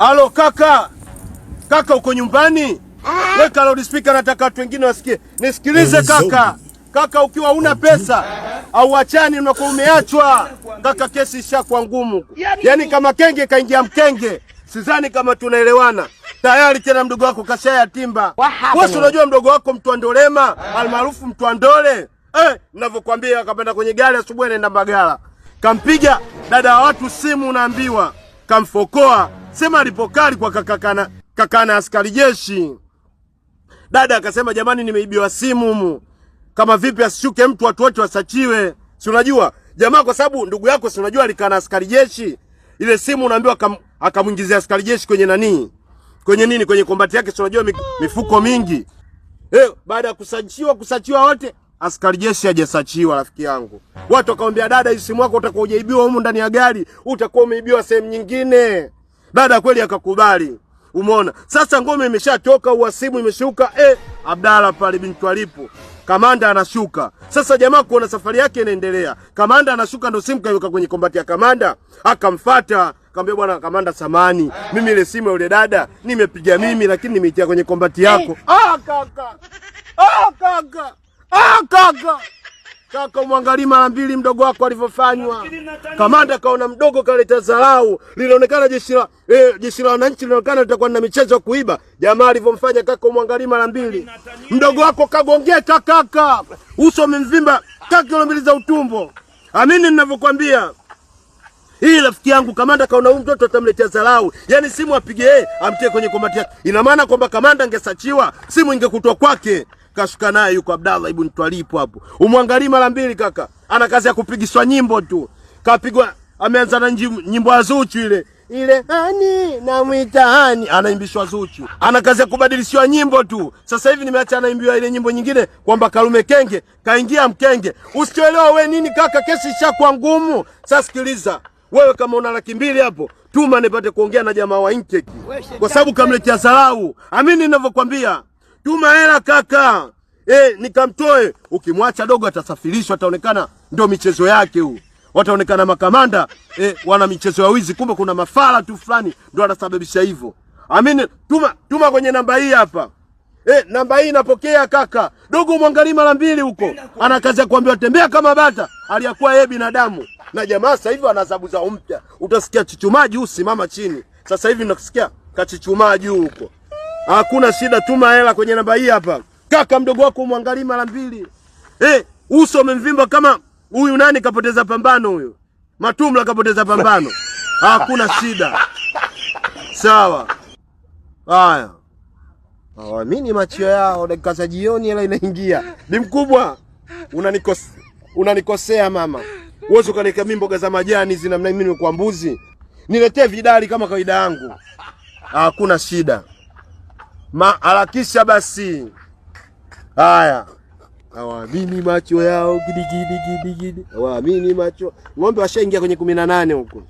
Halo kaka, kaka uko nyumbani? Ah! Weka speaker, nataka watu wengine wasikie. Nisikilize kaka, kaka ukiwa una pesa au achani, unakuwa umeachwa kaka, kesi ishakuwa ngumu. Yaani kama kenge kaingia mkenge, sidhani kama tunaelewana tayari tena mdogo wako kashaya timba. Wewe unajua mdogo wako mtu andolema almaarufu mtu andole eh, ninavyokuambia akapanda kwenye gari asubuhi anaenda Mbagala, kampiga dada wa watu simu, unaambiwa kamfokoa sema alipokali kwa kakakana, kakana askari jeshi. Dada akasema jamani, nimeibiwa simu mu kama vipi asishuke mtu, watu wote wasachiwe. Si unajua jamaa, kwa sababu ndugu yako, si unajua alikaa na askari jeshi, ile simu unaambiwa akamwingizia askari jeshi kwenye nani, kwenye nini, kwenye kombati yake, si unajua mifuko mingi eh. Baada ya kusachiwa, kusachiwa wote askari jeshi hajasachiwa, rafiki yangu. Watu wakamwambia dada, hii simu yako utakuwa hujaibiwa humu ndani ya gari, utakuwa umeibiwa sehemu nyingine ya kweli akakubali. Umeona sasa, ngome imeshatoka, uhasimu imeshuka. Eh, Abdalla pale bintu alipo kamanda anashuka sasa. Jamaa kuona safari yake inaendelea, kamanda anashuka, ndo simu kaiweka kwenye kombati ya kamanda, akamfata kaambia, bwana kamanda, samani mimi ile simu ya dada nimepiga mimi, lakini nimeitia kwenye kombati yako. Eh, ah, kaka! Ah, kaka! Ah, kaka! Kaka, umwangalie mara mbili mdogo wako alivyofanywa. Kamanda kaona mdogo kaleta zarau, lilionekana jeshi la eh, jeshi la wananchi lilionekana litakuwa na michezo kuiba. Jamaa alivyomfanya kaka, umwangalie mara mbili mdogo wako kagongeka, kaka, uso umemvimba kaka, kilo mbili za utumbo. Amini ninavyokuambia hii rafiki yangu kamanda kaona huyu mtoto atamletea dharau, yaani simu apige yeye amtie kwenye komati yake. Ina maana kwamba kamanda angesachiwa simu ingekutwa kwake kashuka naye yuko Abdallah ibn Twalipo hapo. Umwangalie mara mbili kaka. Ana kazi ya kupigiswa nyimbo tu. Kapigwa ameanza na nyimbo ya Zuchu ile. Ile hani na mwitani anaimbishwa Zuchu. Ana kazi ya kubadilishiwa nyimbo tu. Sasa hivi nimeacha anaimbiwa ile nyimbo nyingine kwamba Karume Kenge kaingia mkenge. Usichoelewa we nini kaka, kesi ishakuwa ngumu. Sasa sikiliza. Wewe kama una laki mbili hapo, tuma nipate kuongea na jamaa wa Inkeki. Kwa sababu kamletea dharau. Amini ninavyokwambia. Tuma hela kaka eh, nikamtoe. Ukimwacha dogo atasafirishwa, ataonekana ndio michezo yake huu, wataonekana makamanda eh, wana michezo ya wizi, kumbe kuna mafala tu fulani ndio anasababisha hivyo. Amini, tuma tuma kwenye namba hii hapa. Eh, namba hii inapokea kaka. Dogo mwangalie mara mbili huko. Ana kazi ya kuambiwa tembea kama bata. Aliyakuwa yeye binadamu. Na jamaa sasa hivi ana adhabu za umpya. Utasikia chichumaa juu simama chini. Sasa hivi nakusikia kachichumaa juu huko. Hakuna shida, tuma hela kwenye namba hii hapa. Kaka mdogo wako umwangalie mara mbili. Eh, uso umemvimba kama huyu nani kapoteza pambano huyu. Matumla kapoteza pambano. Hakuna shida. Sawa. Haya. Hawaamini macho yao, dakika za jioni hela inaingia. Ni mkubwa. Unanikosea, unanikosea mama. Uwezo kanika mimi mboga za majani hizi namna mimi nimekuwa mbuzi. Niletee vidali kama kawaida yangu. Hakuna shida. Ma harakisha basi. Haya, hawaamini macho yao, gidi gidigidi, hawaamini macho. Ng'ombe washaingia kwenye kumi na nane huko.